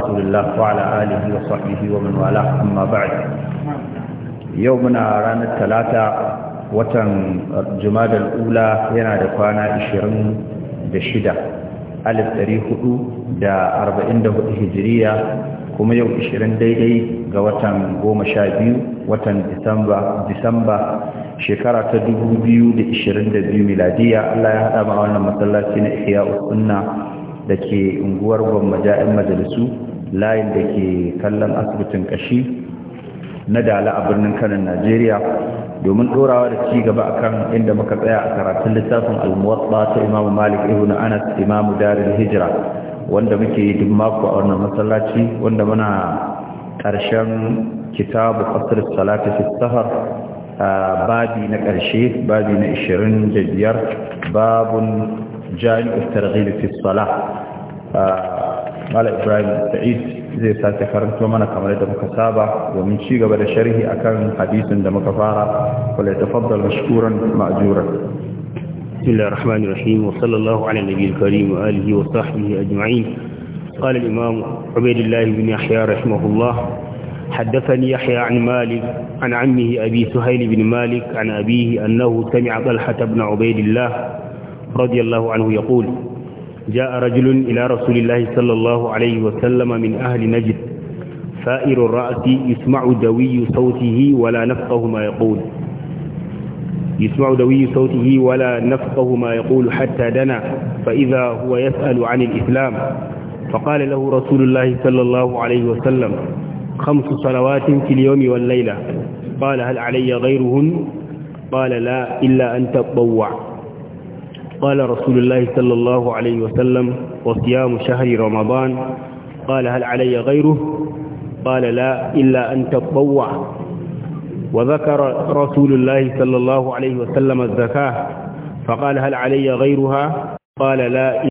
رسول الله وعلى آله وصحبه ومن والاه أما بعد يومنا رانا الثلاثة وتن جماد الأولى ينادى قانا إشيرين بشدة ألف تاريخ دا أربعين ده هجرية kuma yau 20 daidai ga watan 12 watan Disamba shekara ta 2022 miladiya Allah ya hada ma wannan masallaci na Ihya da dake unguwar Gwammaja majalisu layin da ke kallon asibitin kashi na dala a birnin kanin najeriya domin ɗorawa da ci gaba akan inda muka tsaya a karatun littafin almuwatsa ta imamu malik ibn anas imamu darul hijira wanda muke yi duk mako a wannan masallaci wanda muna ƙarshen kitabu qasr salatu, fi sahar babi na ƙarshe babi na biyar, babun jami'ut targhib fi salah mala ibrahim sa'id zai sace karanto mana kamar da muka saba domin ci gaba da sharhi akan hadisin da muka fara tafaddal mashkuran بسم الله الرحمن الرحيم وصلى الله على النبي الكريم وآله وصحبه أجمعين قال الإمام عبيد الله بن يحيى رحمه الله حدثني يحيى عن مالك عن عمه أبي سهيل بن مالك عن أبيه أنه سمع طلحة بن عبيد الله رضي الله عنه يقول جاء رجل إلى رسول الله صلى الله عليه وسلم من أهل نجد فائر الرأس يسمع دوي صوته ولا نفقه ما يقول يسمع دوي صوته ولا نفقه ما يقول حتى دنا فإذا هو يسأل عن الإسلام فقال له رسول الله صلى الله عليه وسلم خمس صلوات في اليوم والليلة قال هل علي غيرهن قال لا إلا أن تطوع قال رسول الله صلى الله عليه وسلم وصيام شهر رمضان قال هل علي غيره قال لا إلا أن تطوع وذكر رسول الله صلى الله عليه وسلم الزكاة فقال هل علي غيرها قال لا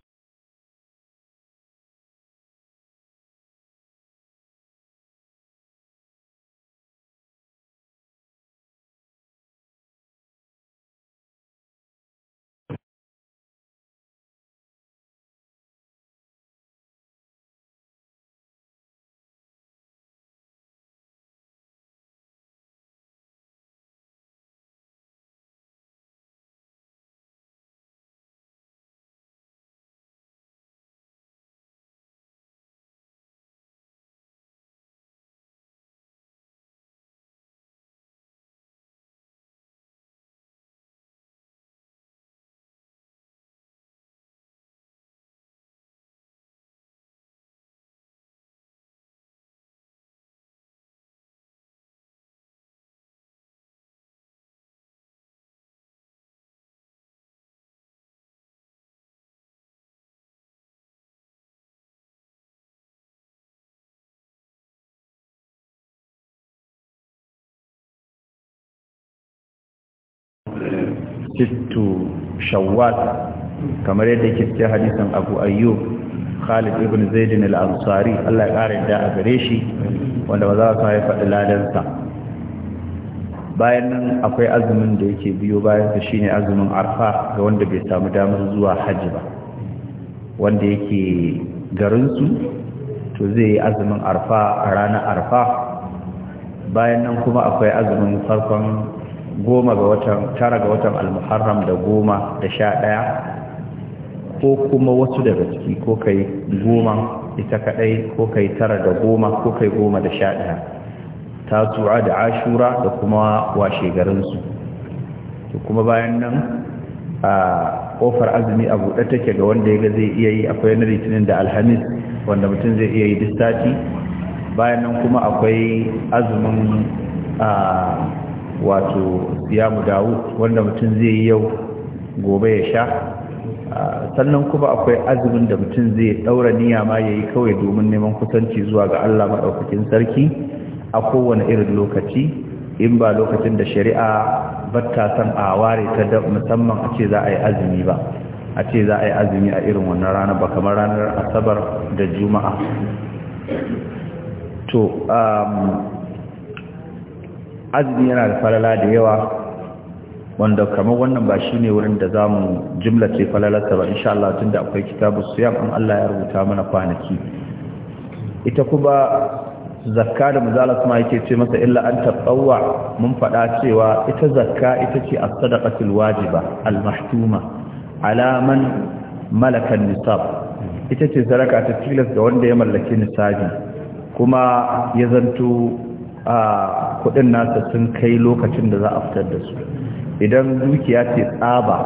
sittu shawwal kamar yadda yake cikin hadisin Abu Ayyub Khalid ibn Zaid al-Ansari Allah ya kare da gare shi wanda ba za ka yi faɗi ladansa bayan nan akwai azumin da yake biyo bayan sa shine azumin Arfa ga wanda bai samu damar zuwa Hajji ba wanda yake garin su to zai yi azumin Arfa a ranar Arfa bayan nan kuma akwai azumin farkon goma ga watan tara ga watan almuharram da goma da sha ɗaya ko kuma wasu daga ciki ko kai goma ita kaɗai ko kai tara da goma ko kai goma da sha ɗaya tasu'a da ashura da kuma washe garinsu kuma bayan nan a ƙofar azumi a buɗe take ga wanda yaga zai iya yi akwai na litinin da alhamis wanda mutum zai iya yi duk sati bayan nan kuma akwai azumin wato siyamu dawud wanda mutum zai yi yau gobe ya sha sannan kuma akwai azumin da mutum zai daura niyya ma ya yi kawai domin neman kusanci zuwa ga Allah maɗaukakin sarki a kowane irin lokaci in ba lokacin da shari'a batta san a ware ta da musamman a ce za a yi azumi ba a ce za a yi azumi a irin wannan rana ba kamar ranar asabar da juma'a to um, azumi yana da falala da yawa wanda kamar wannan ba shi ne wurin da za mu jimlace falalarsa ba insha Allah tun da akwai kitabu siyam an Allah ya rubuta mana kwanaki ita kuma zakka da mazala kuma yake ce masa illa an taɓawa mun faɗa cewa ita zakka ita ce a sadaqatul wajiba al-mahtuma alaman malakan nisab ita ce sadaka ta tilas ga wanda ya mallaki nisabi kuma ya zanto a ah, kudin nasa sun kai lokacin da za a fitar da su idan dukiya ce tsaba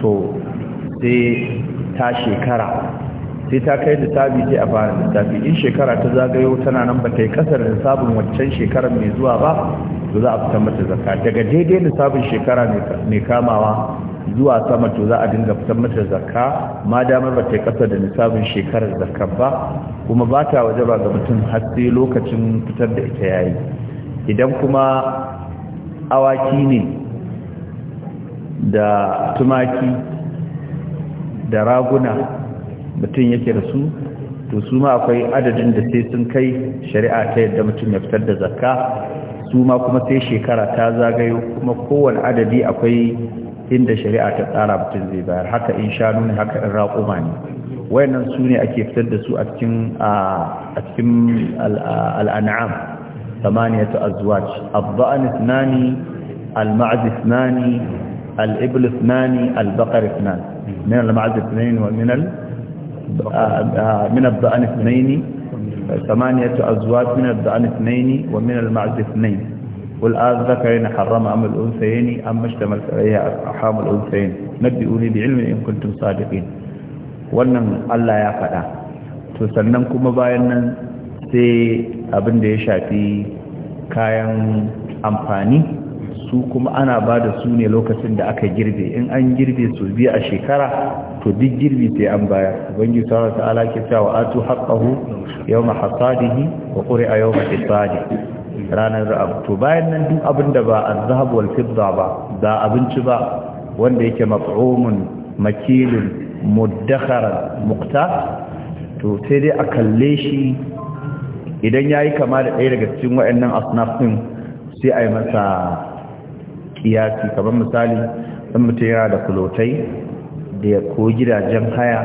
to sai ta shekara sai ta kai lissafi sai a fara lissafi in shekara ta zagayo tana nan ba ta yi kasar lissafin waccan shekarar mai zuwa ba to za a fitar mata zakka daga daidai da lissafin shekara mai kamawa zuwa sama to za a dinga fitar mata zakka ma damar ba ta yi kasa da nisabin shekarar zakka ba kuma ba ta waje ba ga mutum har sai lokacin fitar da ita yayi idan kuma awaki ne da tumaki da raguna mutum yake da su to su ma akwai adadin da sai sun kai shari'a ta yadda mutum ya fitar da zakka su ma kuma sai shekara ta zagayo kuma kowane adadi akwai inda shari'a ta tsara mutum zai bayar haka in shanu ne haka in raƙuma ne wayannan su ne ake fitar da su a cikin al'an'am ثمانية أزواج الضأن اثنان المعز اثنان الإبل اثنان البقر اثنان من المعز اثنين ومن ال... آه، آه، من الضأن اثنين ثمانية أزواج من الضأن اثنين ومن المعز اثنين والآن ذكرين حرم أم الأنثيين أم اشتملت عليها أرحام الأنثيين نبئوني بعلم إن كنتم صادقين wannan الله يا faɗa تسلمكم sannan sai abin da ya shafi kayan amfani su kuma ana ba da su ne lokacin da aka girbe in an girbe su biya a shekara to duk girbi sai an baya ubangi sauran ta'ala ke cewa atu yau yawma hasadihi wa yau yawma hasadi ranar abu to bayan nan duk abin da ba a wal fidda ba da abinci ba wanda yake maf'umun makilin muddakharan mukta to sai dai a kalle shi idan ya yi kama da ɗaya daga cikin waɗannan asnafin sai a yi masa kiyasi kamar misali ɗan mutum yana da kulotai da ko gidajen haya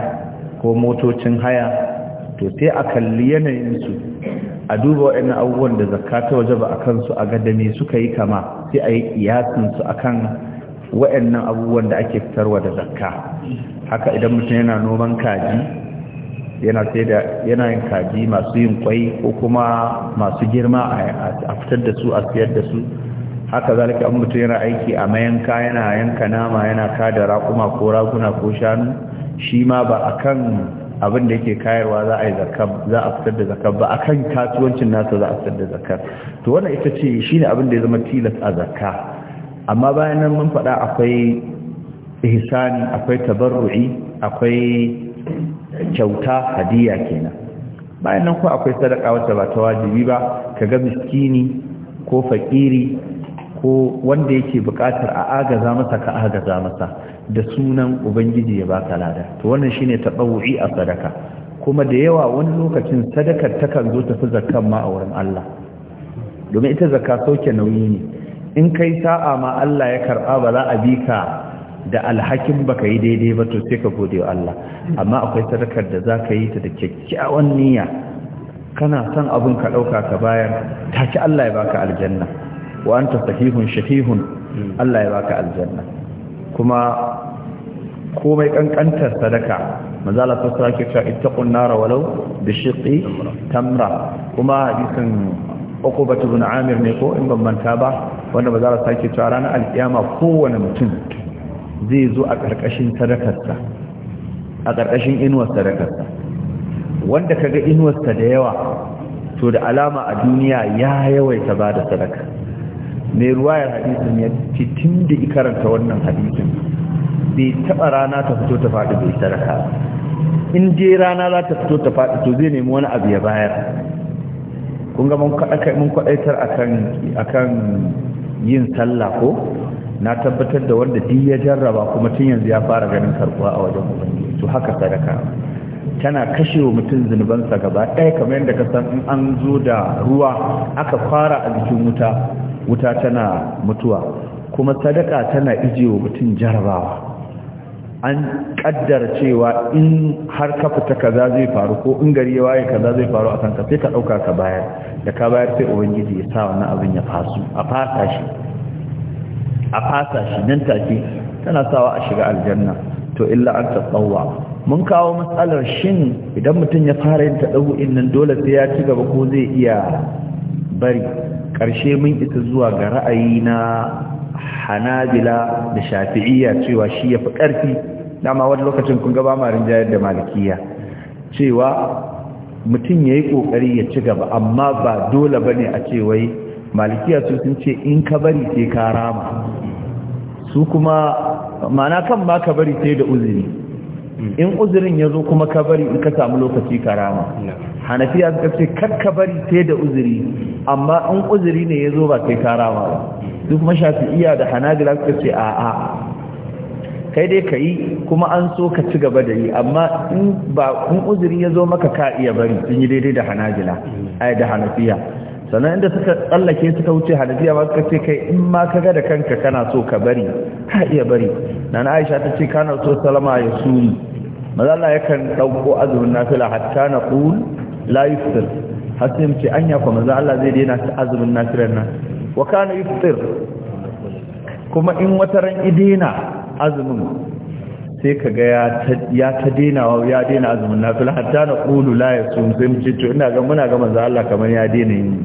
ko motocin haya to sai a kalli yanayinsu a duba waɗannan abubuwan da zakka ta waje ba a kansu a gadame suka yi kama sai a yi kiyasinsu a kan waɗannan abubuwan da ake fitarwa da zakka haka idan mutum yana noman kaji yana sai da yana yin kaji masu yin kwai ko kuma masu girma a fitar da su a siyar da su haka zalika an mutum yana aiki a mayanka yana yanka nama yana kada raƙuma ko raguna ko shanu shi ma ba a kan abin da yake kayarwa za a yi za a fitar da zakar ba a kan kasuwancin nasa za a fitar da zakar to wannan ita ce shi ne abin da ya zama tilas a zakka amma bayan nan mun faɗa akwai ihsani akwai tabarru'i akwai kyauta hadiya kenan bayan nan ko akwai sadaka wacce ba ta wajibi ba Ka ga miskini ko fakiri ko wanda yake buƙatar a agaza masa ka agaza masa da sunan ubangiji ya baka lada to wannan shine tabawu'i a sadaka kuma da yawa wani lokacin sadakar kan zo tafi zakkan ma a wurin Allah domin ita zakka sauke nauyi ne in kai sa'a ma Allah ya karba ba za a bi ka da alhakin baka yi daidai ba to sai ka gode wa Allah amma akwai sadakar da za ka yi ta da kyakkyawan niyya kana son abin ka ɗauka ka bayar take Allah ya baka aljanna wa anta sahihun shahihun Allah ya baka aljanna kuma komai kankantar sadaka manzo Allah ta ke cewa ittaqun nar walau bi tamra kuma hadisin Uqbah ibn Amir ne ko in ban manta ba wanda manzo Allah ta ke cewa ranar alkiyama kowane mutum zai zo a ƙarƙashin sadakarsa a ƙarƙashin inuwar sadakarsa wanda kaga inuwarsa da yawa to da alama a duniya ya yawaita ba da sadaka mai ruwayar hadisun ya titin da ikaranta wannan hadisun bai taɓa rana ta fito ta faɗi bai sadaka in je rana za ta fito ta faɗi to zai nemi wani abu ya bayar kun ga mun kwaɗaitar akan yin sallah ko na tabbatar da wanda duk ya jarraba kuma tun yanzu ya fara ganin karbuwa a wajen ubangiji to haka sadaka tana kashe wa mutum zunubansa gaba ɗaya kamar yadda ka san in an zo da ruwa aka fara a jikin wuta wuta tana mutuwa kuma sadaka tana ije wa mutum jarrabawa, an kaddara cewa in har ka fita kaza zai faru ko in gari ya waye kaza zai faru a kanka sai ka ɗauka ka bayar da ka bayar sai ubangiji ya sa wannan abin ya fasu a fasa shi a fasa shi nan take tana sawa a shiga aljanna to illa an tsawwa mun kawo matsalar shin idan mutum ya fara yin in nan dole sai ya ci gaba ko zai iya bari ƙarshe mun isa zuwa ga ra'ayi na hanabila da shafi'iyya cewa shi ya fi ƙarfi dama wani lokacin kun gaba ma jayar da malikiya cewa mutum ya yi ƙoƙari ya ci gaba amma ba dole ba ne a ce wai malikiya su sun ce in ka bari sai ka rama su kuma mana kan ma ka bari sai da uzuri hmm. in uzurin ya zo kuma ka bari in ka samu lokaci ka rama hanafiya suka ce kar ka bari sai da uzuri amma in uzuri ne ya zo ba kai ka rama ba su kuma shafi'iya da hanagila suka ce a'a kai dai ka yi kuma an so ka ci gaba da yi amma in ba kun uzuri ya zo maka ka iya bari sun yi daidai da hanajila hmm. ai da hanafiya sannan inda suka tsallake suka wuce hadisiya ba suka ce kai in ma ka ga da kanka kana so ka bari ka iya bari na aisha ta ce kana so salama ya suri maza Allah yakan ɗauko azumin nafila hatta na ƙul la yuftir har sai mace anya kuma maza Allah zai daina ta azumin nafila nan wa kana yuftir kuma in wata ran idena azumin sai ka ga ya ta wa ya dina azumin nafila hatta na qulu laye sun sai mu to ina ga muna ga za Allah kamar ya dina yin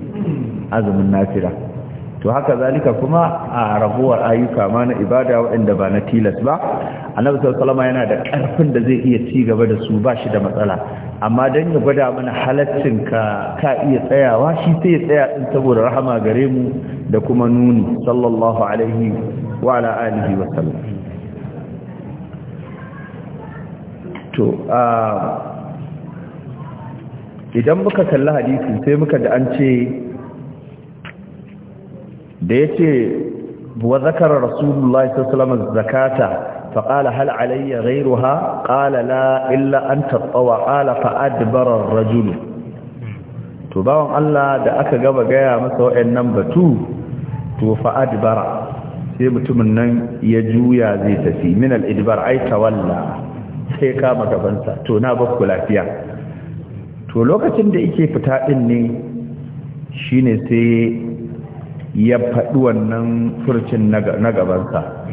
azumin nafila to haka zalika kuma a rabuwar ayyuka ma na ibada waɗanda ba na tilas ba annabi sallallahu yana da ƙarfin da zai iya ci gaba da su ba shi da matsala amma dan ya gwada mana halaccin ka iya tsayawa shi sai ya tsaya ɗin saboda rahama gare mu da kuma nuni sallallahu alaihi wa ala alihi to idan muka kalli hadisi sai muka da an ce da ya ce wa zakarar rasulullah sallallahu zakata فقال هل علي غيرها قال لا إلا أن تطوع قال فأدبر الرجل to bawan Allah da aka gaba gaya masa wayannan batu to fa sai mutumin nan ya juya zai tafi min al idbar ay sai kama gabansa to na bakku lafiya to lokacin da yake fita din ne shine sai ya faɗi wannan furcin na gabansa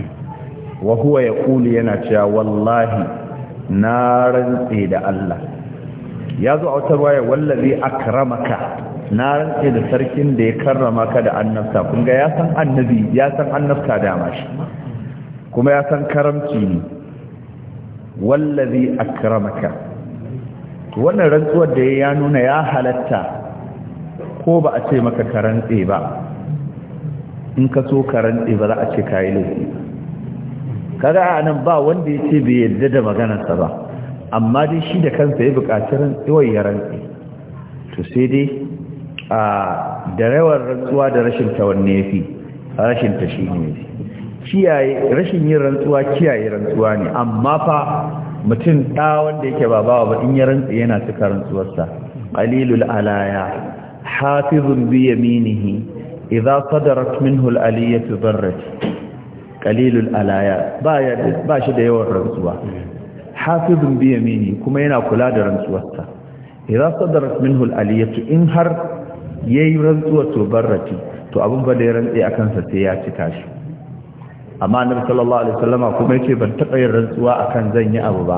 wa huwa ya ƙuli yana cewa wallahi na rantse da Allah ya zo a wata waya wallazi akramaka na rantse da sarkin da ya karrama ka da annabta kun ga ya san annabi ya san annabta dama shi kuma ya san karamci ne wallazi akramaka wannan rantsuwar da ya nuna ya halatta ko ba a ce maka karantse ba in ka so karantse ba za a ce kayi laifi kaga a nan ba wanda ya ce bai yadda da maganarsa ba amma dai shi da kansa ya buƙaci rantsuwar ya rantse to sai dai a da rawar rantsuwa da rashin ta wanne fi rashin ta ne kiyaye rashin yin rantsuwa kiyaye rantsuwa ne amma fa mutum ɗa wanda yake ba bawa ba in ya rantsi yana cika rantsuwarsa ƙalilul alaya hafizun bi yaminihi idza sadarat minhu aliyatu darrat qalilul alaya ba ya ba shi da yawan rantsuwa hafizun bi yamini kuma yana kula da rantsuwarsa idan sadarat minhul aliyatu in har ya yi rantsuwar to barrati to abin ba da ya rantsi a kansa sai ya cika shi amma annabi sallallahu alaihi wasallama kuma yace ban taba yin rantsuwa akan zan yi abu ba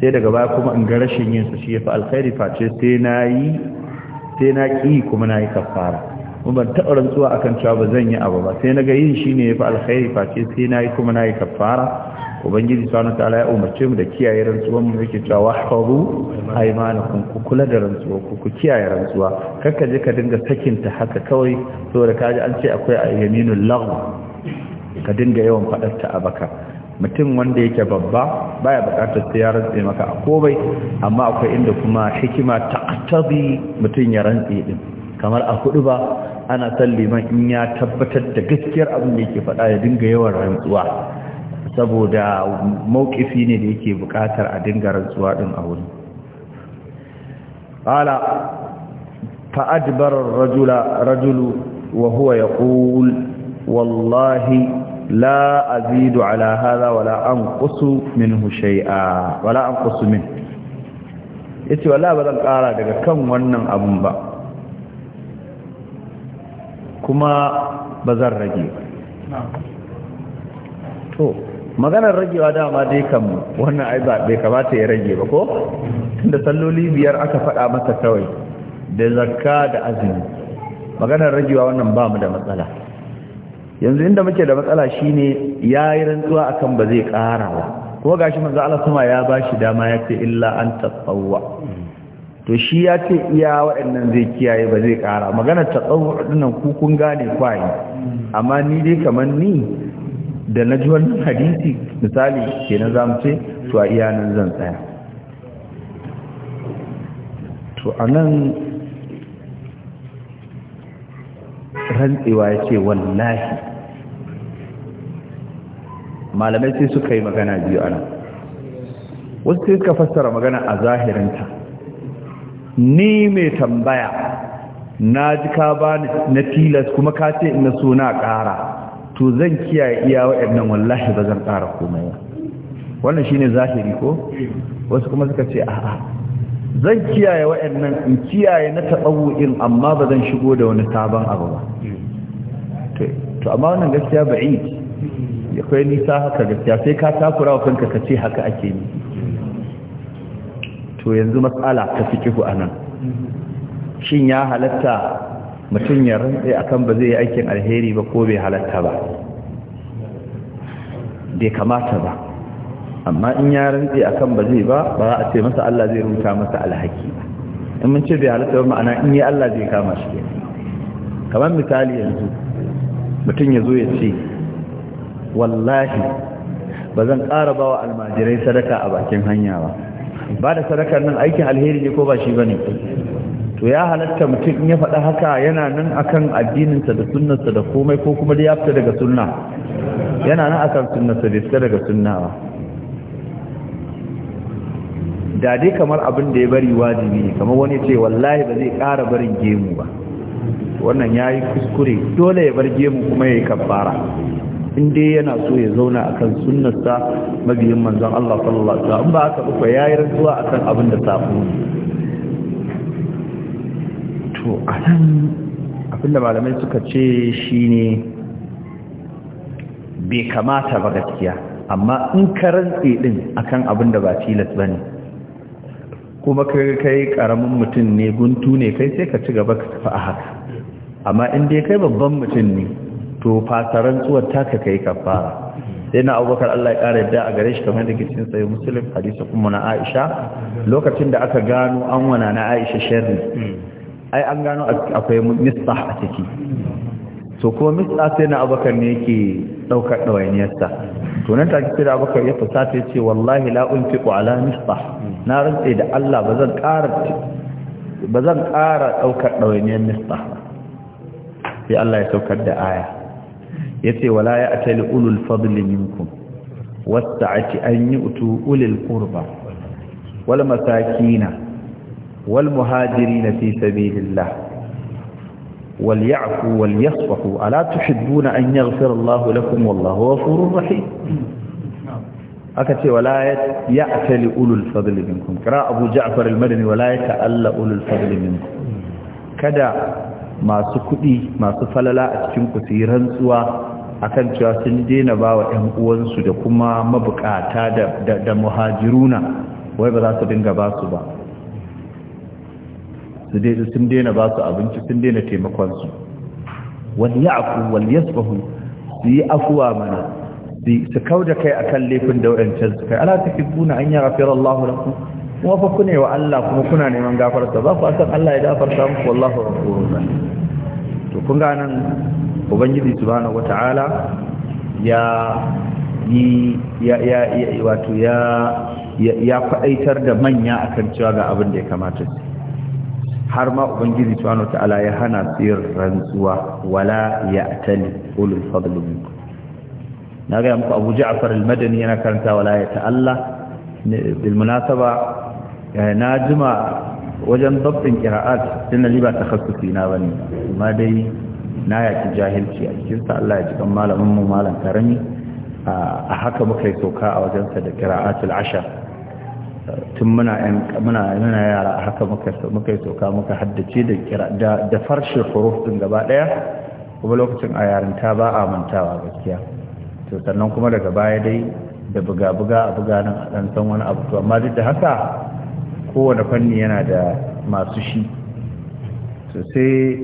sai daga baya kuma in ga rashin yin su shi yafi alkhairi face sai na yi sai na ki kuma na kafara kuma ban taɓa rantsuwa akan cewa ba zan yi abu ba sai na ga yin shi ne yafi alkhairi face sai na kuma nayi yi kafara ubangiji subhanahu ta'ala ya umarce mu da kiyaye rantsuwan mu yake cewa wahfazu aymanakum ku kula da rantsuwa ku ku kiyaye rantsuwa kakka je ka dinga sakinta haka kawai saboda kaji an ce akwai ayyaminul lagh ka dinga yawan faɗarta a baka mutum wanda yake babba baya buƙatar sai ya rantse maka a komai amma akwai inda kuma hikima ta tab'i mutum ya rantse din kamar a hudu ba ana san liman in ya tabbatar da gaskiyar abin da yake faɗa ya dinga yawan rantsuwa saboda mawkifi ne da yake buƙatar a dinga rantsuwa din a wuri qala rajula rajulu wa huwa yaqul wallahi. لا أزيد على هذا ولا أنقص منه شيئا ولا أنقص منه يتي wallahi ba zan ƙara daga kan wannan abun ba kuma ba zan rage to maganar ragewa dama dai kan wannan ai ba bai kamata ya rage ba ko tunda salloli biyar aka faɗa masa kawai da zakka da azumi maganar ragewa wannan ba mu da matsala yanzu inda muke da matsala shine yi rantsuwa akan ba zai ƙara ba gashi manzo Allah kuma ya bashi dama ya ce illa an tatawwa to shi ya ce iya waɗannan zai kiyaye ba zai ƙara magana tatawwa dinnan ku kun gane kwai amma ni dai kamar ni da na ji wannan hadisi misali kenan zamu ce to a iya nan zan tsaya to anan rantsewa ya ce wallahi malamai sai suka yi magana biyu ana wasu sai suka fassara magana a zahirinta ni mai tambaya na ji ka ba na tilas kuma ka ce ina so na ƙara to zan kiyaye iya wa'annan wallahi ba zan ƙara komai ba wannan shine zahiri ko wasu kuma suka ce a'a zan kiyaye wa'annan in kiyaye na in amma ba zan shigo da wani sabon abu ba to amma wannan gaskiya ba'id akwai nisa haka gaskiya sai ka takura wa kanka ka ce haka ake yi to yanzu matsala ta fi kihu anan shin ya halatta mutum ya rantse akan ba zai yi aikin alheri ba ko bai halatta ba bai kamata ba amma in ya rantse akan ba zai ba ba za a ce masa Allah zai rubuta masa alhaki ba in mun ce bai halatta ba ma'ana in yi Allah zai kama shi kamar misali yanzu mutum ya zo ya ce wallahi ba zan ƙara ba wa almajirai sadaka a bakin hanya ba ba da sadakar nan aikin alheri ne ko ba shi ba ne to ya halatta mutum in ya faɗa haka yana nan akan addininsa da sunnarsa da komai ko kuma da ya fita daga sunna yana nan akan sunnarsa da fita daga sunna ba da kamar abin da ya bari wajibi ne kamar wani ce wallahi ba zai ƙara barin gemu ba wannan ya yi kuskure dole ya bar gemu kuma ya yi kabbara in dai yana so ya zauna akan sa mabiyin manzon Allah sallallahu alaihi wasallam ba haka ba yayi rantsuwa akan abin da safu to anan abin da malamai suka ce shi ne bai kamata ba gaskiya amma in ka rantsi din akan abin da ba tilas bane kuma kai kai karamin mutum ne guntu ne kai sai ka ci gaba ka tafi a haka amma in dai kai babban mutum ne to Fataran tsuwar taka kai kafara sai na abubakar Allah ya ƙara yadda a gare shi kamar da ke cikin sayi musulun hadisa kuma na aisha lokacin da aka gano an wana na aisha sharri ai an gano akwai Mista a ciki to kuma Mista sai na abubakar ne yake ɗaukar ɗawainiyarsa to nan take sai da abubakar ya fasa ta ce wallahi la unfiqu ala mista na rantse da Allah ba zan ƙara ba zan ƙara ɗaukar ɗawainiyar Mista. sai Allah ya saukar da aya yace wala ya atali ulul fadli minkum wasta'ati an yu'tu ulul qurba wal masakina wal muhajiri muhajirin fi sabilillah wal ya'fu wal yasfahu ala tuhibbuna an yaghfira Allahu lakum wallahu ghafurur rahim aka ce wala ya atali ulul fadli minkum kira abu ja'far al-madani wala ya ta'alla ulul fadli minkum kada masu kudi masu falala a cikin ku su rantsuwa akan cewa sun daina ba wa uwansu da kuma mabukata da muhajiruna wai ba za su dinga ba su ba sun daina ba su abinci sun daina taimakonsu wani ya aku wani ya tsohu su yi afuwa mana su kau da kai akan laifin da waɗancan su kai ala tafi kuna an yi rafiyar Allah lakum kuma fa kune wa Allah kuma kuna neman gafarta ba ku san Allah ya gafarta muku wallahu ghafurur rahim to kun ga nan ubangiji subhanahu wata'ala ya yi ya ya wato ya ya faɗaitar da manya a kan cewa ga abin da ya kamata har ma ubangiji subhanahu wata'ala ya hana tsir rantsuwa wala ya'tali ulul fadl minkum na ga muku Abu Ja'far al-Madani yana karanta wala ya ta'alla bil munasaba eh, na jima wajen dabbin qira'at din liba takhassusi na bane amma dai na yaki jahilci a cikinsa Allah ya jikan malamin mu malam karami a haka muka yi sauka a wajensa da kira'atul asha tun muna muna yara a haka muka yi sauka muka haddace da kira da farshe huruf din gaba daya kuma lokacin a yarinta ba a mantawa gaskiya to sannan kuma daga baya dai da buga-buga a buga nan a ɗan san wani abu to amma duk da haka kowane fanni yana da masu shi sosai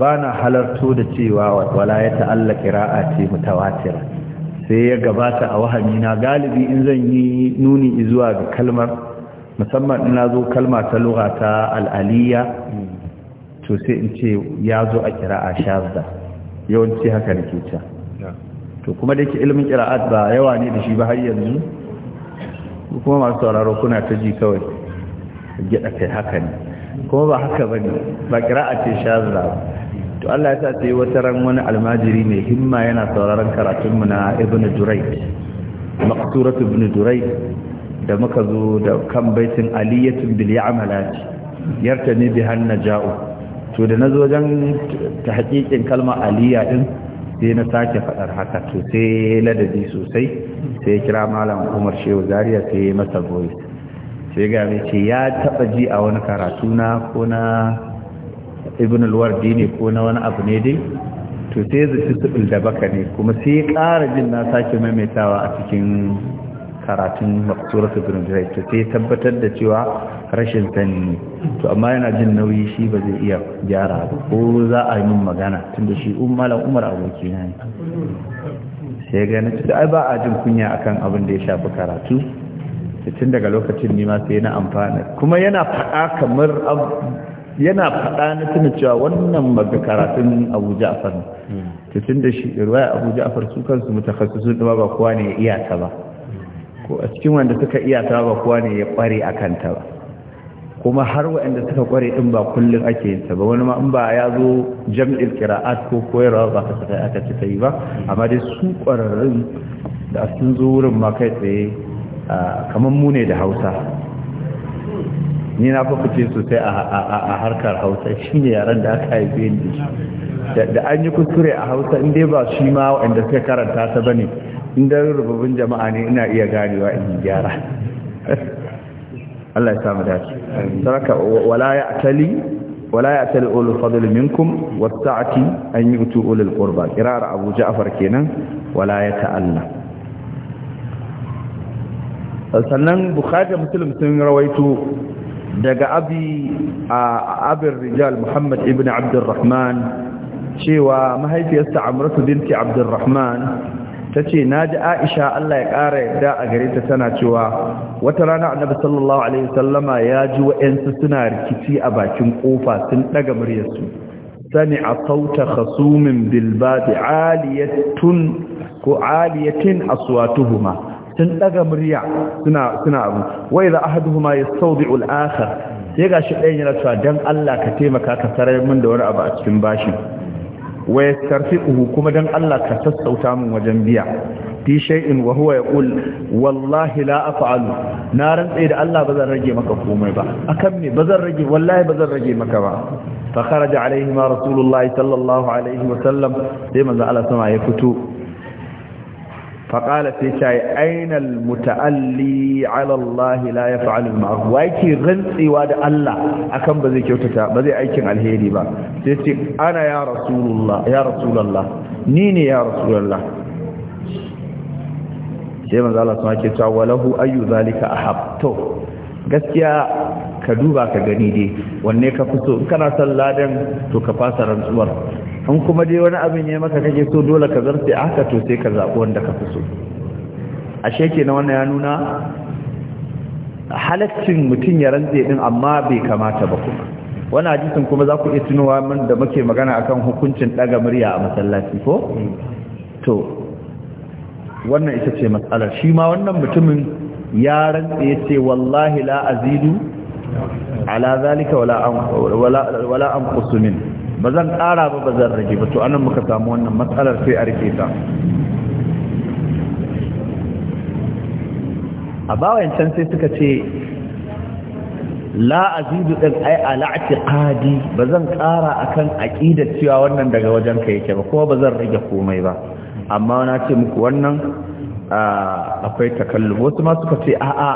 ba na halarto da cewa wala ya ta'alla kira'a ce mutawatir sai ya gabata a wahamina galibi in zan yi nuni zuwa ga kalmar musamman ina zo kalma ta lura ta to sai in ce ya zo a kira'a shazda yawanci haka ke ta to kuma da ke ilimin kira'at ba yawa ne da shi ba har yanzu kuma masu sauraro kuna ta ji kawai gyaɗa kai haka ne kuma ba haka ba ne ba kira'a ce shazda ba to Allah ya sa sai wata ran wani almajiri mai himma yana sauraron mu na ibn Durai maqsurat ibn Durai da muka zo da kan baitin aliyatun bil ya'malat yartani bi ja'u to da nazo wajen hakikin kalma aliya din sai na sake fadar haka to sai ladabi sosai sai kira malam Umar Shehu Zariya sai masa voice sai ga ce ya taba ji a wani karatu na ko na ibn alwardi ne ko na wani abu ne dai to sai zaci sibil da baka ne kuma sai ya ƙara jin na sake maimaitawa a cikin karatun su birnin jurayj to sai tabbatar da cewa rashin sani ne to amma yana jin nauyi shi ba zai iya gyara ba ko za a yi min magana tunda shi ummalan umar aboki na ne sai ga na ai ba a jin kunya akan abin da ya shafi karatu tun daga lokacin nima sai na amfana kuma yana faɗa kamar yana faɗa na tuna cewa wannan maga karatun abu ja'afar hmm. ta tun da shi ruwaya abu ja'afar su kansu mutakhasisun ɗuma ba kuwa ne ya iyata ba ko a cikin wanda suka iyata ba kuwa ne ya ƙware a kanta ba kuma har waɗanda suka ƙware ɗin ba kullum ake yin ba wani ma ba ya zo jam'il kira'at ko koyarwa ba ka sakai aka ci ta yi ba amma dai su ƙwararrun da sun zo wurin ma kai tsaye kamar mu ne da hausa ni na fice sosai a harkar hausa ne yaren da aka haife ni da an yi kuskure a hausa in dai ba shi ma wanda suka karanta ta bane in da rububin jama'a ne ina iya ganewa in gyara Allah ya samu dace saraka wala ya atali wala atali ulul fadl minkum wasa'ati an yutu ulul qurba kirar Abu Ja'far kenan wala ya ta'alla sannan Bukhari Muslim sun rawaito daga abi a abin rijal muhammad ibn abdurrahman cewa mahaifiyarsa amratu binti abdurrahman ta ce na ji aisha allah ya ƙara yadda a gare ta tana cewa wata rana annabi sallallahu alaihi wasallama ya ji wa'yansu suna rikici a bakin ƙofa sun ɗaga muryarsu sani a sauta khasumin bilbadi aliyatun ko aliyatin aswatuhuma sun daga murya suna suna abu wa ma ya yastawdi'u al ulakar? sai shi ɗayan yana cewa dan Allah ka taimaka ka sarar min da wani abu a cikin bashin wa yastarfiquhu kuma dan Allah ka sassauta min wajen biya fi shay'in wa huwa yaqul wallahi la af'alu na rantsa da Allah bazan rage maka komai ba akan me bazan rage wallahi bazan rage maka ba fa kharaja alaihima rasulullahi sallallahu alaihi wa sallam sai manzo Allah sama ya fito faƙala sai ta yi ainal muta'alli ala la ya fa'alul ma'ahu wa yake rantsewa da Allah akan ba zai kyautata ba zai aikin alheri ba sai ce ana ya rasulullah ni ne ya rasulullah sai manzo Allah ake cewa walahu ayu zalika ahab to gaskiya ka duba ka gani dai wanne ka fi so kana son ladan to ka fasa rantsuwar in kuma dai wani abin ya maka kake so dole ka zarce haka to sai ka zaɓi wanda ka fi so ashe ke na wannan ya nuna halaccin mutum ya rantse din amma bai kamata ba kuma wani hadisin kuma za ku iya tunowa min da muke magana akan hukuncin ɗaga murya a masallaci ko to wannan ita ce matsalar shi ma wannan mutumin ya rantse ya ce wallahi la azidu ala zalika wala an wala an ba zan ƙara ba ba zan rage ba to anan muka samu wannan matsalar sai a rike ta a bawayan can sai suka ce la'azidu ɗin din a ala ƙadi ba zan ƙara a kan aƙidar cewa wannan daga wajen ka yake ba kuma ba zan rage komai ba amma na ce muku wannan akwai takallu wasu ma suka ce a'a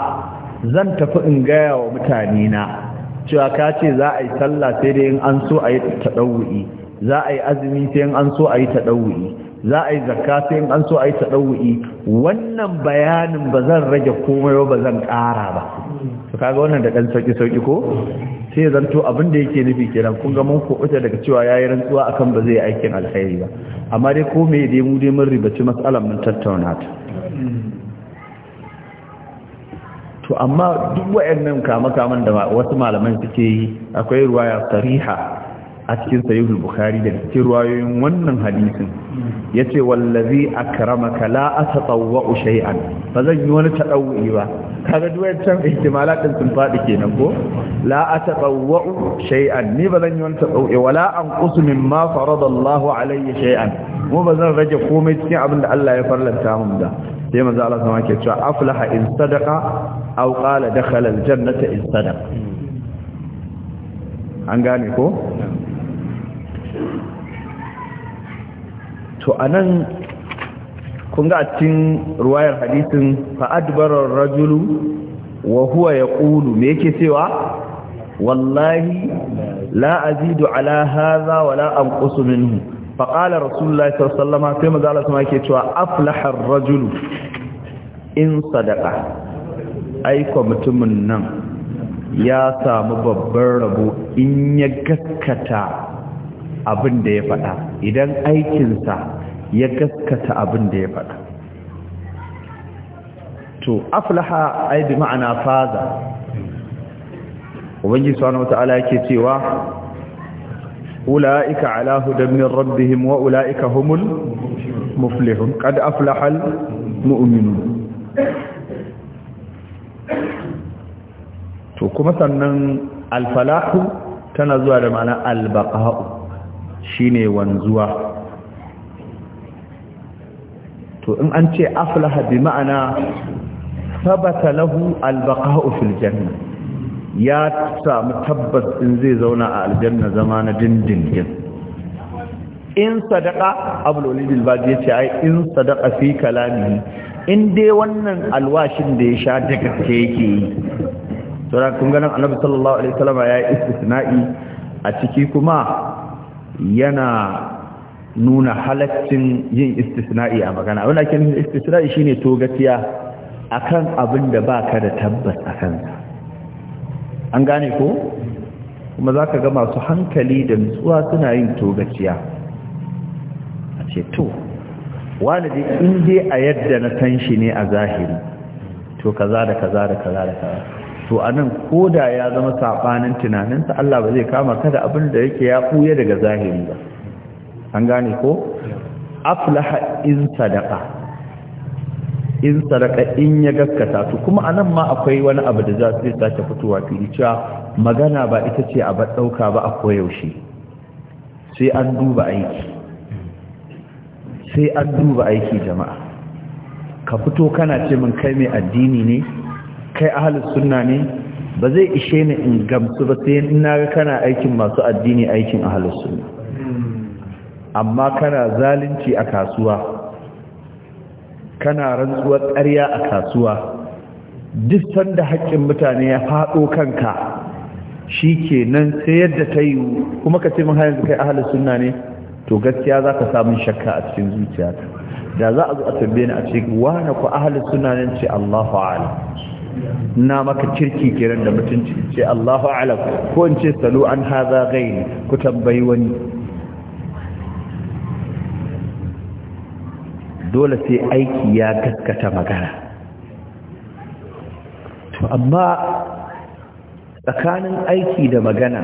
zan tafi in gaya wa mutane na cewa ka ce za a yi sallah sai dai in an so a yi taɗawu'i za a yi azumi sai in an so a yi taɗawu'i za a yi zakka sai in an so a yi taɗawu'i wannan bayanin ba zan rage komai ba zan ƙara ba to kaga wannan da ɗan sauƙi sauƙi ko sai zan to abin da yake nufi kenan kun ga mun kuɓuta daga cewa ya yi rantsuwa akan ba zai aikin alkhairi ba amma dai ko me dai mu dai mun ribaci matsalar mun tattauna ta to amma duk wayannan kama-kaman da wasu malaman suke yi akwai ruwaya sariha a cikin sahihul bukhari da cikin ruwayoyin wannan hadisin yace wallazi akramaka la atatawwa shay'an ba zan yi wani tadawwi ba kaga duwayar can ihtimalat din sun fadi kenan ko la atatawwa shay'an ni ba zan yi wani tadawwi wala anqus mimma farada Allahu alayya shay'an mu ba zan rage komai cikin abin da Allah ya farlanta mun da sai manzo Allah sama ke cewa aflaha in sadaqa aw qala dakhala aljannata in sadaqa an gane ko to anan kun ga cikin ruwayar hadisin fa adbara rajulu wa huwa yaqulu me yake cewa wallahi la azidu ala hadha wala anqusu minhu faƙalar rasulullah sallama sai mazala su ke cewa aflahar rajulu in sadaka aiko mutumin nan ya samu babban rabo in ya gaskata abin da ya faɗa idan aikinsa ya gaskata abin da ya faɗa to aflaha ai bi ma'ana faza ubangiji subhanahu wata'ala yake cewa أولئك على هدى من ربهم وأولئك هم المفلحون قد أفلح المؤمنون to kuma sannan alfalahu tana zuwa da ma'ana albaqa'u shine wanzuwa to in an ce aflaha bi ma'ana sabata lahu albaqa'u fil janna ya samu tabbas in zai zauna a aljanna zama na dindindin in sadaka abul walid al ce yace ai in sadaka fi kalami, in dai wannan alwashin da ya sha da gaske yake yi to kun ganin annabi sallallahu alaihi wasallam ya yi istisna'i a ciki kuma yana nuna halaccin yin istisna'i a magana Wannan kin ake istisna'i shine togatiya akan abin da baka da tabbas akan sa an gane ko kuma za ka ga masu hankali da nutsuwa suna yin togaciya a ce to in dai a yadda na san shi ne a zahiri to kaza da kaza da kaza da kaza to a ko koda ya zama saɓanin tunaninsa Allah ba zai kama kada abin da yake ya kuye daga zahiri ba an gane ko aflaha in sadaka in saraka in ya gaskata to kuma anan ma akwai wani abu da za su sake fitowa fili cewa magana ba ita ce a ba ɗauka ba a koyaushe sai an duba aiki sai an duba aiki jama'a ka fito kana ce min kai mai addini ne kai ahalus sunna ne ba zai ishe ni in gamsu ba sai ina ga kana aikin masu addini aikin ahalus sunna amma kana zalunci a kasuwa kana rantsuwar ƙarya a kasuwa duk sanda haƙƙin mutane ya faɗo kanka shi ke nan sai yadda ta yi kuma ka ce min hanyar kai ahalin suna ne to gaskiya za ka samun shakka a cikin zuciyata da za a zo a tambaye ni a ce wane ku ahalin suna ne ce allahu ala na maka kirki kiran da mutunci ce allahu ala ko in ce salu an haza gaini ku tambayi wani dole sai aiki ya gaskata magana to amma tsakanin aiki da magana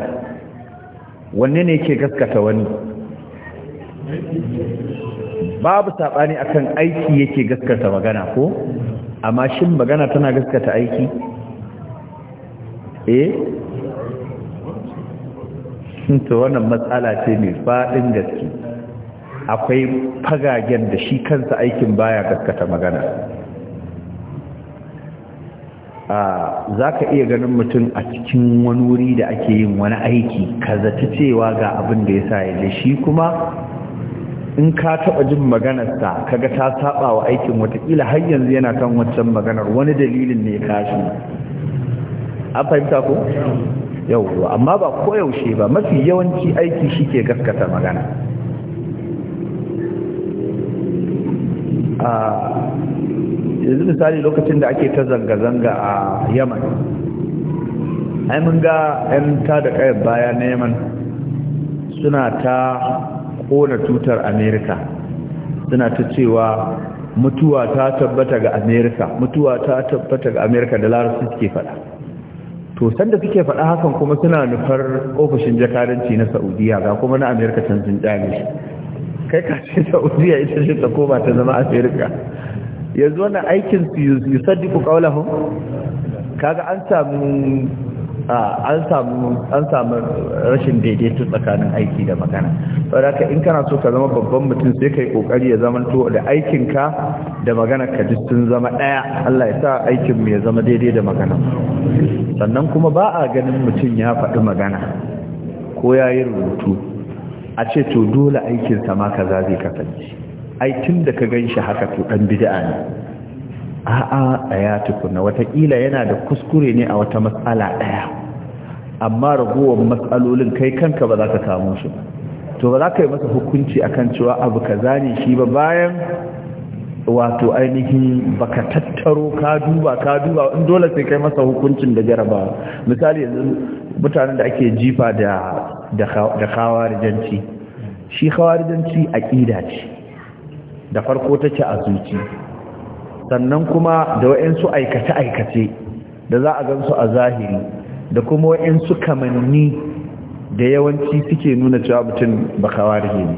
wanne ne ke gaskata wani babu saɓani akan aiki yake gaskata magana ko amma shin magana tana gaskata aiki eh to wannan matsala ce mai faɗin gaske akwai fagagen da shi kansa aikin baya gaskata magana za ka iya ganin mutum a cikin wani wuri da ake yin wani aiki ka zata cewa ga abin da ya sa ya shi kuma in ka taɓa jin maganarsa kaga ta saba wa aikin watakila har yanzu yana kan wancan maganar wani dalilin ne ka kashi an fahimta ko? yau amma ba koyaushe ba mafi yawanci aiki shi ke gaskata magana yanzu misali lokacin da ake ta zanga-zanga a yaman ai mun ga 'yan ta da kayan baya na yaman suna ta kona tutar amerika suna ta cewa mutuwa ta tabbata ga amerika mutuwa ta tabbata ga amerika da larabci suke fada to sanda suke fada hakan kuma suna nufar ofishin jakadanci na saudiya ga kuma na amerika can sun shi kai ka ce saudiya ita ce ta koma ta zama afirka yanzu wannan aikin su yi saddiku kaulahun kaga an samu rashin daidaito tsakanin aiki da magana saboda in kana so ka zama babban mutum sai ka yi kokari ya zama to da aikin ka da magana ka ji sun zama ɗaya. Allah ya sa aikin mu ya zama daidai da magana sannan kuma ba a ganin mutum ya faɗi magana ko ya yi rubutu a ce to dole aikinsa ma kaza zai kasance ai tun da ka gan shi haka to ɗan bid'a ne a'a a ya tukuna watakila yana da kuskure ne a wata matsala ɗaya amma ragowar matsalolin kai kanka ba za ka samu shi ba to ba za ka yi masa hukunci akan cewa abu kaza ne shi ba bayan wato ainihin baka tattaro ka duba ka duba in dole sai kai masa hukuncin da jaraba misali yanzu mutanen da ake jifa da da khawarijanci shi khawarijanci aqida ce da farko take a zuci sannan kuma da wayansu aikace aikace da za a gansu a zahiri da kuma wayansu kamanni da yawanci suke nuna cewa mutum ba khawariji ne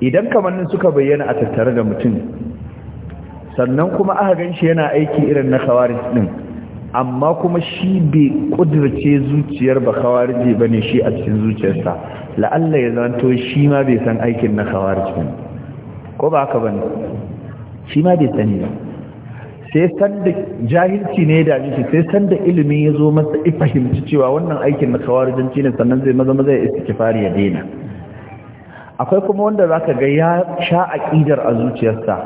idan kamannin suka bayyana a tattare da mutum sannan kuma aka gan shi yana aiki irin na khawarij din amma kuma shi bai kudirce zuciyar ba khawarij bane shi a cikin zuciyarsa la'alla ya zanto shi ma bai san aikin na khawarij din ko ba haka bane shi ma bai sani ba sai san da jahilci ne da shi sai san da ilimi ya zo masa ifahimci cewa wannan aikin na khawarijin ne sannan zai maza maza ya istikfari ya daina akwai kuma wanda zaka ga ya sha aqidar a zuciyarsa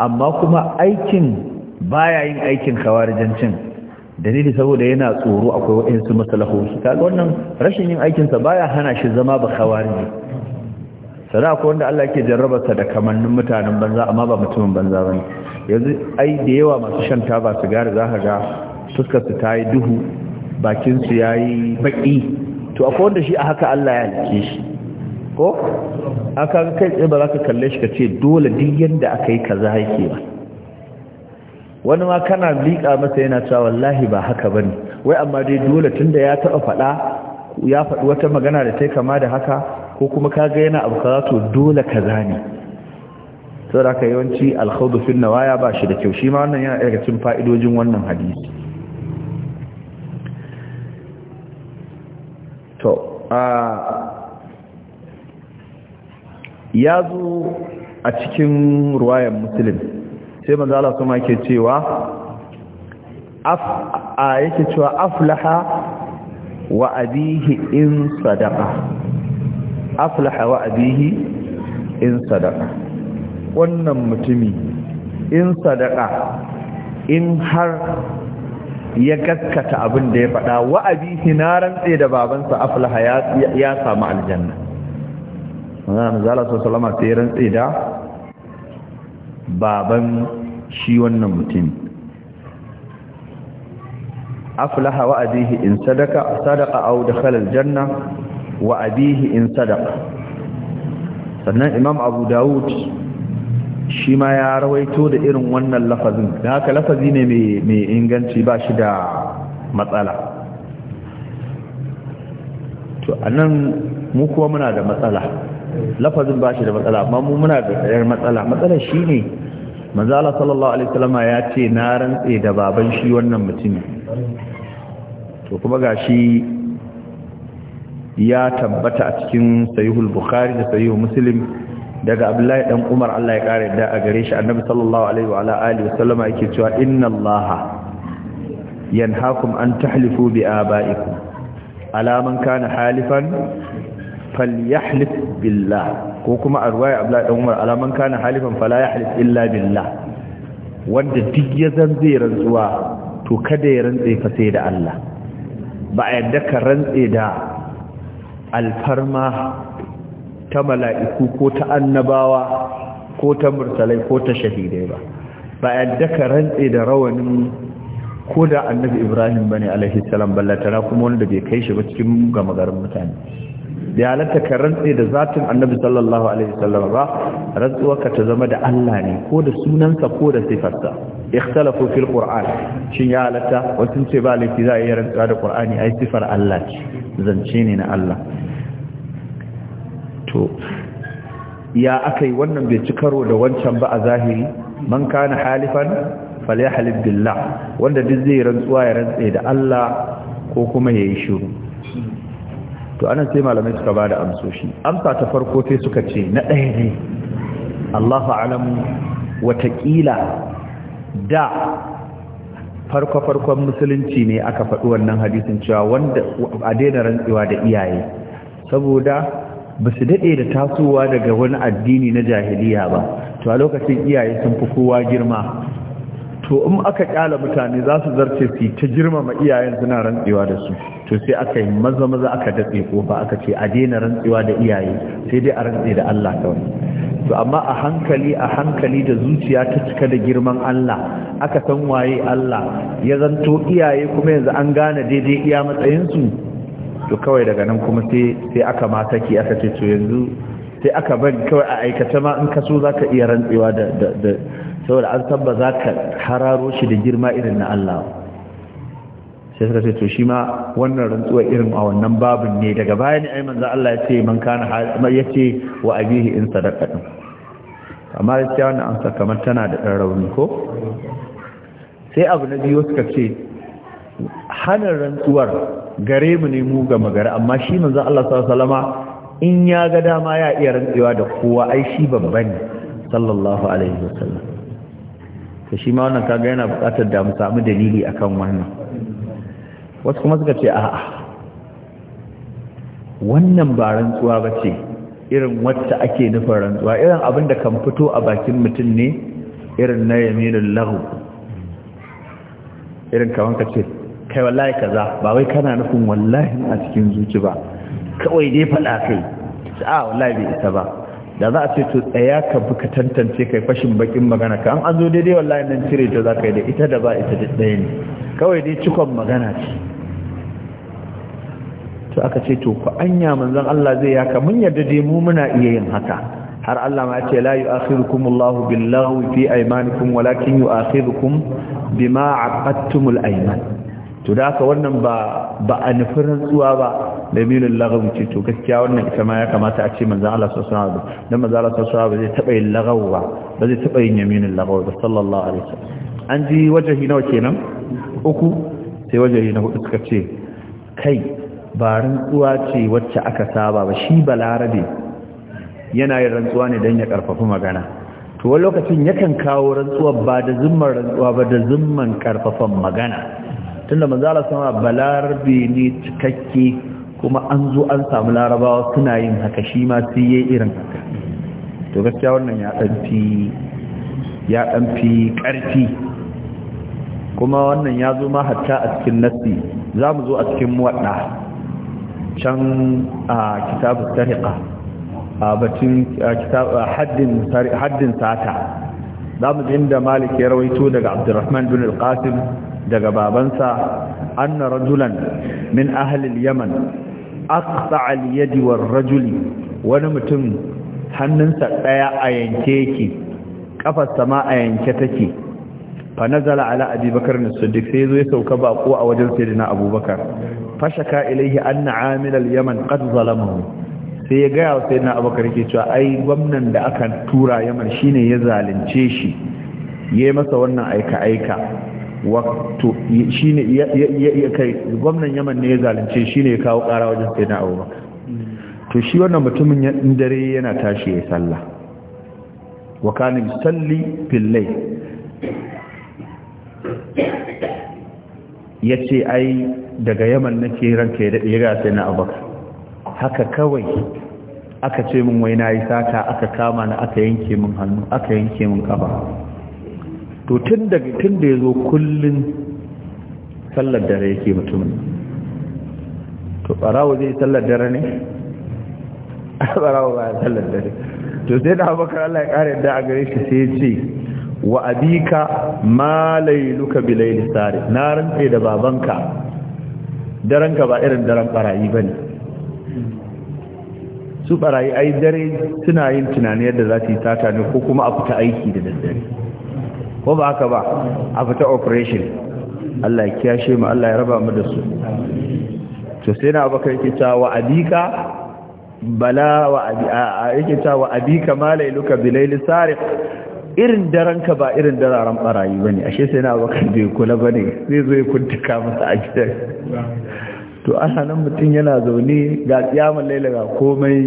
amma kuma aikin baya yin aikin khawarijancin dalili saboda yana tsoro akwai waɗansu masalahoshi kaga wannan rashin yin aikinsa baya hana shi zama ba khawariji sana akwai wanda Allah yake jarrabarsa da kamannin mutanen banza amma ba mutumin banza bane yanzu ai da yawa masu shan taba za ka ga fuskarsu su ta yi duhu bakinsu su yayi baƙi. to akwai wanda shi a haka Allah ya halice shi ko aka kai tsaye ba za ka kalle shi ka ce dole duk yadda aka yi kaza haike ba wani ma kana liƙa masa yana cewa wallahi ba haka ba ne wai amma dai dole tunda ya taɓa faɗa ya faɗi wata magana da ta yi kama da haka ko kuma ka kaga yana abu to dole kaza ne da haka yawanci fin nawa ya ba shi da kyau shi ma wannan yana daga cin fa'idojin wannan hadisi to ya zo a cikin ruwayan musulun sai manzala kuma ke cewa a yake cewa aflaha wa abihi in sadaka aflaha wa abihi in sadaka wannan mutumi in sadaka in har ya gaskata abin da ya faɗa wa abihi na rantse da babansa aflaha ya samu aljanna manzana zala su salama sai rantse da baban shi wannan mutum aflaha wa in sadaka sadaka au janna aljanna wa in sadaka sannan imam abu dawud shi ma ya rawaito da irin wannan lafazin da haka lafazi ne mai inganci ba shi da matsala to anan mu kuwa muna da matsala lafazin ba shi da matsala amma mu muna da tsayar matsala matsalar shi ne manzala sallallahu alaihi ya ce na rantse da baban shi wannan mutumin to kuma gashi ya tabbata a cikin sahihul bukhari da sayuhu muslim daga abdullahi dan umar Allah ya kare da a gare shi annabi sallallahu alaihi wa alihi yake cewa inna allaha yanhaakum an tahlifu bi abaikum ala man kana halifan falyahlif billah ko kuma a ruwaya dan umar alaman kana halifan fala illa billah wanda duk ya zanzai rantsuwa to kada ya rantse fa da Allah ba a yadda ka rantse da alfarma ta mala'iku ko ta annabawa ko ta mursalai ko ta shahidai ba ba yadda ka rantse da rawanin ko da annabi ibrahim bane alaihi salam ballatana kuma wanda bai kai shi ba cikin gama garin mutane da halatta ka rantse da zatin annabi sallallahu alaihi wasallam ba rantsuwarka ta zama da Allah ne ko da sunansa ko da sifarsa ikhtalafu fil qur'an shin ya halatta wasu ce ba laifi za a yi rantsuwa da qur'ani ai sifar Allah ce zance ne na Allah to ya akai wannan bai ci karo da wancan ba a zahiri man kana halifan falyahlib billah wanda duk zai rantsuwa ya rantse da Allah ko kuma yayi shiru to anan sai malamai suka ba amsoshi amsa ta farko sai suka ce na ɗaya ne allahu alam watakila da farko-farkon musulunci ne aka faɗi wannan hadisin cewa wanda a daina rantsuwa da iyaye saboda ba su daɗe da tasowa daga wani addini na jahiliya ba to a lokacin iyaye sun fi kowa girma to in aka kyala mutane za su zarce su ta girmama iyayen suna rantsewa da su to sai aka yi maza maza aka datse kofa aka ce a daina rantsewa da iyaye sai dai a rantse da Allah kawai to amma a hankali a hankali da zuciya ta cika da girman Allah aka san waye Allah ya zanto iyaye kuma yanzu an gane daidai iya matsayin su to kawai daga nan kuma sai sai aka mataki aka ce to yanzu sai aka bari kawai a aikata ma in ka so za ka iya rantsewa da saboda an tabba za ka hararo shi da girma irin na Allah sai suka ce to shi ma wannan rantsuwa irin a wannan babin ne daga baya ne ai manzo Allah ya ce man kana ya ce wa abihi in sadaka din amma ya ce wannan amsa kamar tana da dan rauni ko sai abu na biyu suka ce hana rantsuwar gare mu ne mu ga magara amma shi manzo Allah sallallahu alaihi wasallama in ya ga dama ya iya rantsewa da kowa ai shi babba ne sallallahu alaihi wasallam to shi ma wannan kaga yana buƙatar da mu samu dalili akan wannan wasu kuma suka ce a'a wannan ba rantsuwa ba ce irin wacce ake nufin rantsuwa irin abin da kan fito a bakin mutum ne irin na yaminin lahu irin kawan ka ce kai wallahi kaza ba wai kana nufin wallahi a cikin zuci ba kawai dai faɗa kai a wallahi bai isa ba da za a ce to tsaya ka bi ka tantance kai fashin bakin magana ka an zo daidai wallahi nan cire ta za ka yi da ita da ba ita da ɗaya ne kawai dai cikon magana ce to aka ce to ku anya manzon Allah zai yaka mun yarda dai mu muna iya yin haka har Allah ma ce la yu'akhirukum Allahu billahi fi aymanikum walakin yu'akhirukum bima aqadtumul ayman to da haka wannan ba ba a nufi rantsuwa ba dabilul lagaw ce to gaskiya wannan ita ma ya kamata a ce manzon Allah sallallahu alaihi wasallam dan manzon Allah sallallahu alaihi wasallam zai taba yin lagaw ba ba zai taba yin yaminin lagaw ba sallallahu alaihi wasallam an ji wajahi nawa kenan uku sai wajahi na hudu suka ce kai ba rantsuwa ce wacce aka saba ba shi balarabe yana yin rantsuwa ne don ya karfafi magana to wani lokacin yakan kawo rantsuwa ba da zimman rantsuwa ba da zimman karfafan magana tunda manzala sama balarabe ne cikakke kuma an zo an samu larabawa suna yin haka shi ma sai yi irin haka to gaskiya wannan ya ɗanfi ya ɗanfi ƙarfi kuma wannan ya zo ma hatta a cikin nassi za mu zo a cikin waɗa can a kitabu tariƙa a batun haddin sata za mu inda malik ya rawaito daga abdurrahman bin al-qasim daga babansa anna rajulan min ahli al-yaman aqta al yadi war rajuli wani mutum hannunsa ɗaya a yanke yake kafarsa ma a yanke take fa nazala ala abi na Sadiq, sai zo ya sauka bako a wajen sayyidina abubakar fashaka ilaihi anna amil al-yaman qad zalamahu sai ya gaya wa sayyidina abubakar yake cewa ai gwamnan da aka tura yaman shine ya zalunce shi yayi masa wannan aika aika wato shine ya kai gwamnan yaman ne ya zalunce shine ya kawo kara wajen sai na abubakar to shi wannan mutumin ya dare yana tashi ya salla wa kana yusalli fil layl yace ai daga yaman nake ranka ya dade ya ga sai na abubakar haka kawai aka ce min wai na nayi sata aka kama ni aka yanke min hannu aka yanke min kafa to tun da tun da yazo kullun sallar dare yake mutumin to barawo zai sallar dare ne barawo ba sallar dare to sai da abakar Allah ya kare da a gare shi sai ya ce wa abika ma lailuka bi laili sari na rantse da babanka daranka ba irin daren barayi bane su barayi ai dare suna yin tunani yadda za su yi sata ne ko kuma a fita aiki da daddare ko ba haka ba a fita operation Allah ya kiyashe mu Allah ya raba mu da su to sai na abaka yake ta wa abika bala wa yake ta wa abika malailuka bilail sariq irin daranka ba irin dararen barayi bane ashe sai na abaka bai kula bane zai zo ya kuntuka masa a gidan to ana nan mutum yana zaune ga tsiyamun laila ga komai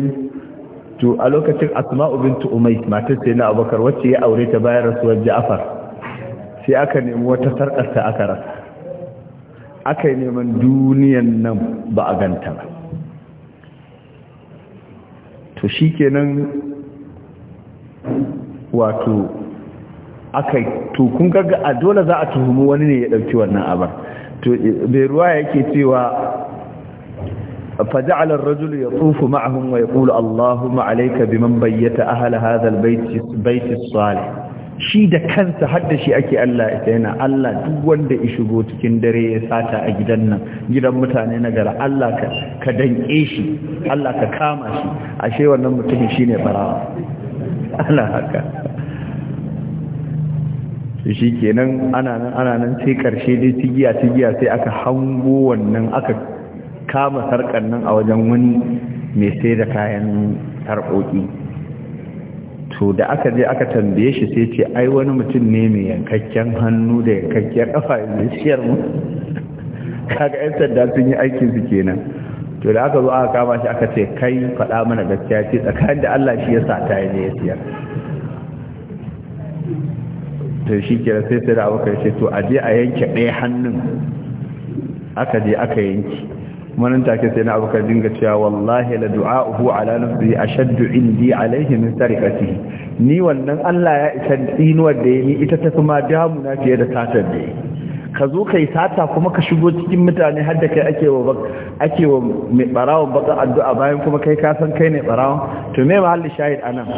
to a lokacin asma'u bintu umais matar sai na abakar wacce ya aure ta bayan rasuwar ja'far sai aka nemi wata ta aka rasa aka yi neman duniyan nan ba a ganta ba to shi kenan wato aka yi to kun gaga a dole za a tuhumu wani ne ya ɗauki wannan abar to bai ruwa yake cewa فجعل الرجل يطوف معهم ويقول اللهم عليك بمن بيت أهل هذا البيت, البيت الصالح shi da kansa hadda shi ake Allah ita yana Allah duk wanda ya shigo cikin dare ya sata a gidan nan gidan mutane na gara Allah ka ka shi Allah ka kama shi ashe wannan mutumin shine barawa Allah haka shi kenan ana nan ana nan sai karshe dai tigiya tigiya sai aka hango wannan aka kama sarkan nan a wajen wani mai sai da kayan sarƙoƙi to da aka je aka tambaye shi sai ce ai wani mutum ne mai yankakken hannu da yankakken kafa mai siyar mu kaga yan sanda sun yi aikin su kenan to da aka zo aka kama shi aka ce kai faɗa mana gaskiya ce tsakanin da Allah shi ya sa ta yi ne ya siyar to shi ke sai sai da abokan ce to a je a yanke ɗaya hannun aka je aka yanke manan take sai na abubakar dinga cewa wallahi la du'a'uhu ala nafsihi a indi alayhi min sarikatihi ni wannan Allah ya isa tsinuwar da yi ita ta kuma damuna fiye da satar da yi ka zo kai sata kuma ka shigo cikin mutane har da kai ake wa ake wa mai barawon baka addu'a bayan kuma kai ka san kai ne barawon to me mahalli shahid anan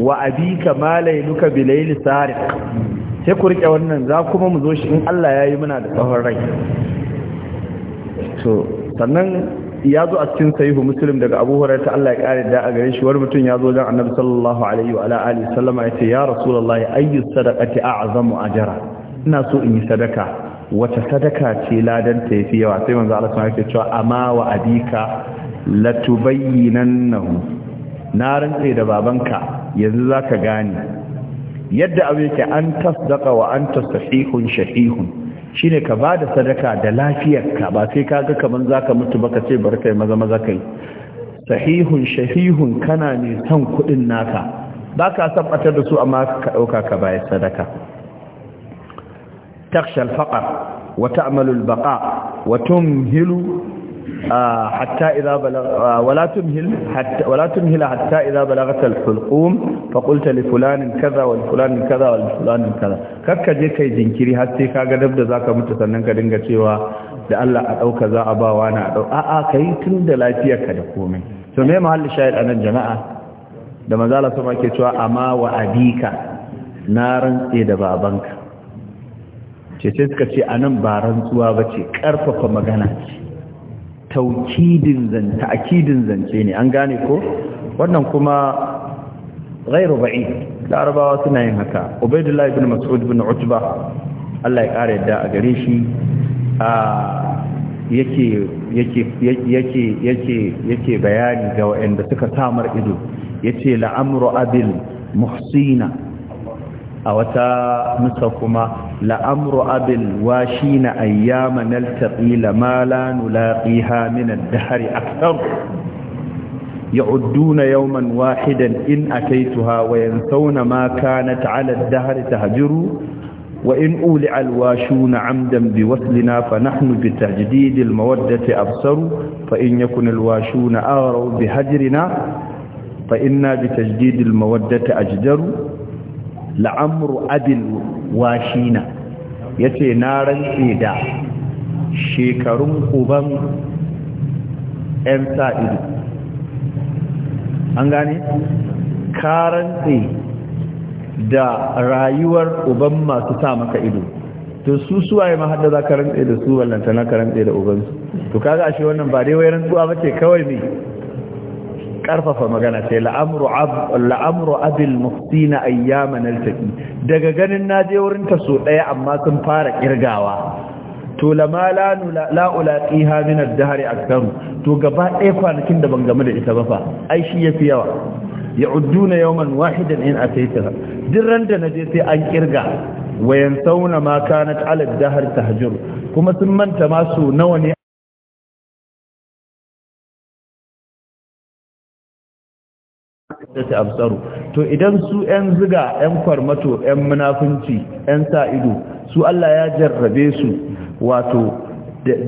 wa abika ma bi bilayli sariq sai ku rike wannan za kuma mu zo shi in Allah ya yi muna da tsawon rai to sannan ya zo a cikin sahihu muslim daga abu ta Allah ya kare da a gare shi wani mutum ya zo wajen annabi sallallahu alaihi wa alihi sallama ya ce ya rasulullahi ayyu sadaqati a'zamu ajra ina so in yi sadaka wata sadaka ce ladan ta yafi yawa sai manzo Allah sallallahu alaihi wa cewa amma wa abika latubayyinannahu na rantsa da babanka yanzu zaka gane yadda abu yake an tasdaqa wa anta sahihun shahihun shine ka ba da sadaka da lafiyar ka ba sai ka ga kamar za ka mutu ba ka ce bari kai maza maza kai sahihun shahihun kana ne son kuɗin naka ba ka sabbatar da su amma ka ɗauka ka bayar sadaka takshal faƙar wa al baqa wa tumhilu hatta idza wala tumhil hatta wala tumhil hatta idza balaghat alhulqum fa fulanin kaza wa fulanin kaza wa fulanin kaza kakka je kayi jinkiri har sai ga dab da zaka mutu sannan ka dinga cewa da Allah a dauka za a ba wani a dauka a'a kai tun da lafiyarka da komai to me mahalli shayar anan jama'a da maza sama ke cewa amma wa abika na rantse da babanka ce sai suka ce anan ba rantsuwa bace karfafa magana ce taukidin zance ne an gane ko wannan kuma ghairu ba'i larabawa suna yin haka ubaidullah ibn mas'ud bin utba Allah ya kare yadda a gare shi yake yake yake bayani ga wanda suka samar ido yace la'amru abil muhsina a wata nusa kuma لأمر أبي الواشين أيام نلتقي لما لا نلاقيها من الدهر أكثر يعدون يوما واحدا إن أتيتها وينسون ما كانت على الدهر تهجر وإن أولع الواشون عمدا بوصلنا فنحن بتجديد المودة أبصر فإن يكن الواشون أغروا بهجرنا فإنا بتجديد المودة أجدر لعمر أبي washina ya ce na rantse da shekarun uban 'yan sa'idu an gane? ka rantse da rayuwar uban masu sa maka ido to su suwaye ma hadda za ka rantse da su wallanta na ka rantse da ubansu to kaga ashe wannan ba dai wai rantsuwa ba kawai ne karfafa magana sai la'amru la'amru abil muftina ayyaman altaki daga ganin naje wurin ta so daya amma sun fara kirgawa to lama la la ulaqiha min ad-dahr akthar to gaba ɗaya kwanakin da ban game da ita ba fa ai shi yafi yawa ya'udduna yawman wahidan in ataita Dirran ran da naje sai an kirga wayan sauna ma kanat ala ad-dahr tahjur kuma sun manta ma su nawa ne ta absaru to idan su yan zuga, yan kwarmato yan munafunci yan sa ido su Allah ya jarrabe su wato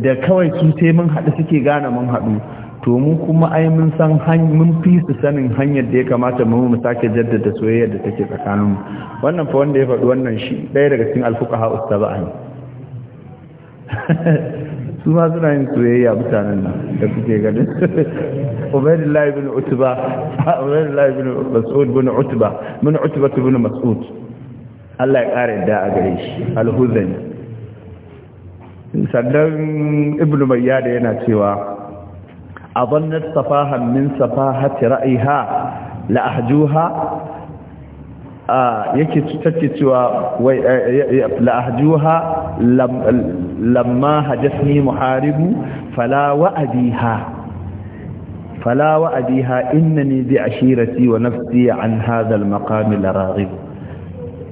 da kawai su sai mun haɗu suke gane mun haɗu to mu kuma ai mun san mun fi su sanin hanyar da ya kamata mu mu sake jaddada soyayya da take tsakaninmu wannan fa wanda ya faɗi wannan shi ɗaya daga cikin alfuqaha ustaba'ani su ma suna yin soyayya mutanen nan da kuke ganin ubaidullah ibn utba ubaidullah ibn mas'ud ibn utba min utba ibn mas'ud Allah ya kare da a gare shi alhuzani huzani sannan ibn mayyada yana cewa adannat safahan min safahati ra'iha la ahjuha yake tace cewa wai la'ahjuha lamma hajasni muharibu fala wa'adiha fala wa'adiha innani bi ashirati wa nafsi an hadha al-maqam laraghib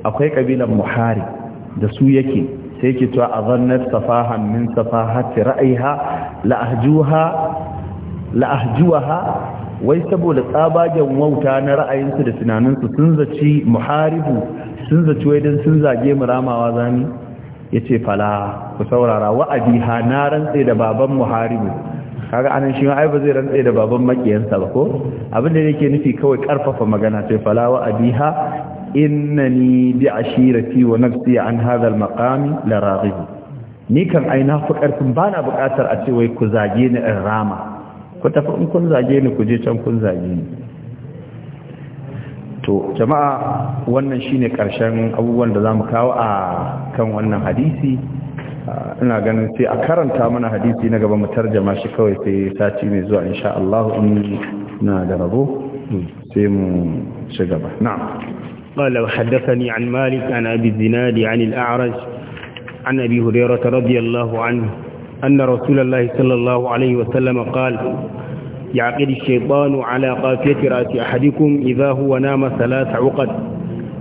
akwai kabilan muhari da su yake sai yake cewa azannat safahan min safahati ra'iha lahjuha la'ahjuha wai saboda tsabagen wauta na ra'ayinsu da tunaninsu sun zaci muharibu sun zaci wai don sun zage mu ramawa zami ya ce fala ku saurara wa'adi ha na rantse da baban muharibu kaga anan shi ai ba zai rantse da baban makiyansa ba ko abin da yake nufi kawai karfafa magana ce fala wa'adi ha innani bi ashirati wa nafsi an hadha al-maqami la raghib ni kan aina na karfin bana bukatar a ce wai ku zage ni in rama ku tafi in kun zage ni ku je can kun zage ni to jama'a wannan shine karshen abubuwan da zamu kawo a kan wannan hadisi ah, ina ganin sai a karanta mana hadisi na gaba mu tarjama shi kawai sai sati mai zuwa insha Allah in na da rabo sai mu ci gaba na'am قال Malik عن مالك عن أبي الزناد عن الأعرج عن أبي هريرة رضي الله عنه أن رسول الله صلى الله عليه وسلم قال يعقد الشيطان على قافية رأس أحدكم إذا هو نام ثلاث عقد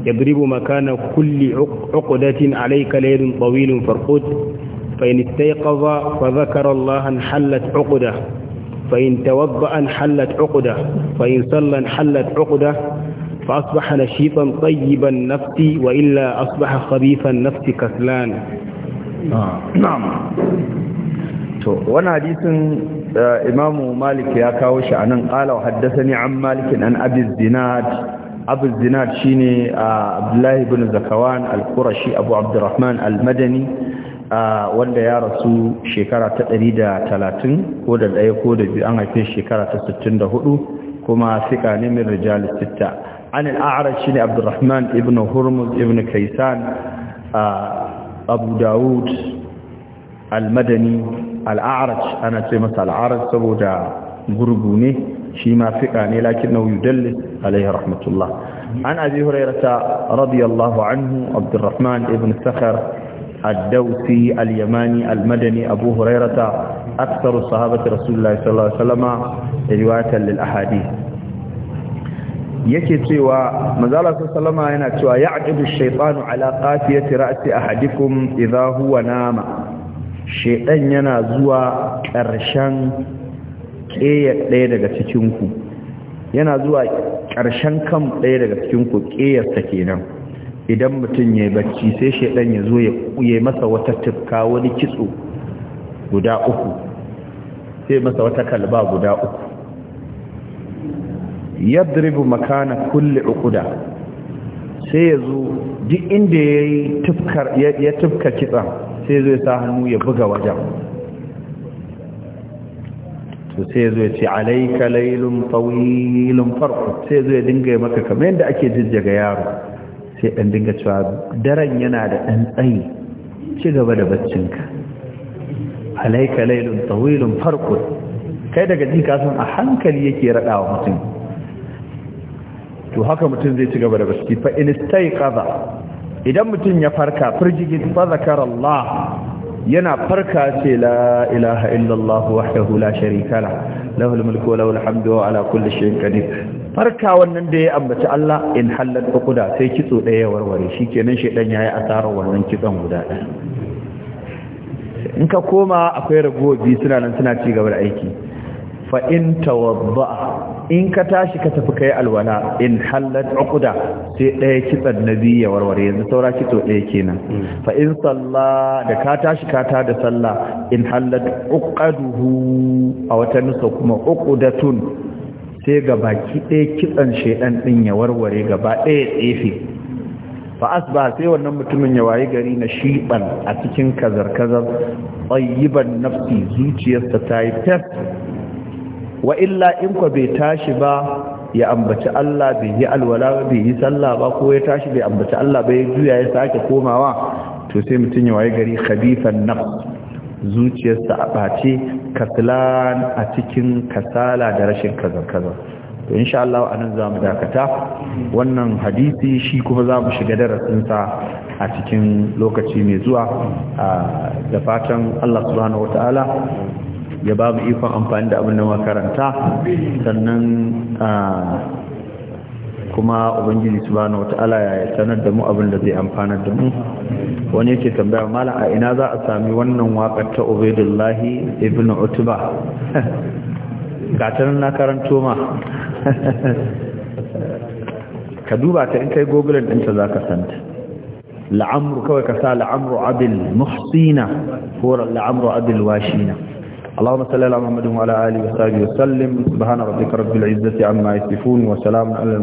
يضرب مكان كل عقدة عليك ليل طويل فارقد فإن استيقظ فذكر الله انحلت عقده فإن توضأ انحلت عقده فإن صلى انحلت عقده فأصبح نشيطا طيب النفس وإلا أصبح خبيث النفس كسلان آه. نعم to wani hadisin eh, imamu malik ya kawo shi a nan ƙala haddasa ni an malikin an abiz dinat abu zinad shi ne eh, abdullahi bin zakawan al-qurashi abu abdurrahman al-madani eh, wanda ya rasu shekara ta 130 ko da ɗaya ko da biyu an haife shekara ta 64 kuma sika ne min rijal sita an al shine shi ne abdurrahman ibn hurmuz ibn kaisan abu daud al-madani al'araj ana ce masa al'arar saboda gurgu ne shi ma fiƙa ne lakin na yudallis alaihi rahmatullah an abi hurairata radiyallahu anhu abdurrahman ibn sakhar الدوسي اليماني المدني أبو هريرة أكثر صحابة رسول الله صلى الله عليه وسلم رواية للأحاديث yake cewa manzala sallama yana cewa ya'qidu ash-shaytanu ala qafiyati a hadikun idan huwa nama shaidan yana zuwa ƙarshen ƙeya ɗaya daga cikinku yana zuwa ƙarshen kan ɗaya daga cikinku ƙeyarsa kenan idan mutum ya yi bacci sai shaidan ya zo ya masa wata tukka wani kitso guda uku sai masa wata kalba guda uku yadribu makana kulli uquda sai ya zo duk inda ya tufka kitsan sai zai sa hannu ya buga wajen to sai zai ce alaika lailun tawilun farko sai zai dinga maka kamar yadda ake jijjiga yaro sai dan dinga cewa daren yana da dan tsayi ci gaba da baccinka alaika lailun tawilun farko kai daga ji ka san a hankali yake radawa mutum to haka mutum zai ci gaba da bacci fa in istayqaza idan mutum ya farka firgigin fa Allah yana farka ce la ilaha illallah wahdahu la sharika la lahul mulku wa lahul hamdu wa ala kulli shay'in qadir farka wannan da ya ambaci Allah in halal uquda sai kitso daya ya warware shikenan shedan yayi asarar wannan kitson guda daya in ka koma akwai ragobi suna nan suna ci gaba da aiki fa in tawadda in ka tashi ka tafi kai alwala in halat uquda sai ɗaya kitsan nabi ya warware yanzu saura kitso ɗaya kenan hmm. fa in salla da ka tashi ka ta da salla in halat uqaduhu a wata nusa kuma uqudatun sai ga baki ɗaya kitsan shedan din ya warware gaba ɗaya tsefe fa asba sai wannan mutumin ya wayi gari na shiban a cikin kazar-kazar tsayiban nafsi zuciyarsa ta yi wa illa in ku bai tashi ba ya ambaci Allah bai yi alwala bai yi sallah ba ko ya tashi bai ambaci Allah bai juya ya sake komawa to sai mutum ya waye gari khabifan nafs zuciyarsa a bace kaslan a cikin kasala da rashin kazan kaza to insha Allah anan za mu dakata wannan hadisi shi kuma zamu mu shiga sa a cikin lokaci mai zuwa da fatan Allah subhanahu wataala ya ba mu ikon amfani da abin da makaranta sannan kuma ubangiji subhanahu wata'ala ya sanar da mu abin da zai amfana da mu wani yake tambaya mala a ina za a sami wannan wakar ta ubaidullahi ibn utba gatar na karanto ma ka duba ta in kai gogulan ɗinta za ka santa la'amru kawai ka sa la'amru abil muhsina ko la'amru abil washina اللهم صل على محمد وعلى آله وصحبه وسلم سبحان ربك رب العزة عما يصفون وسلام على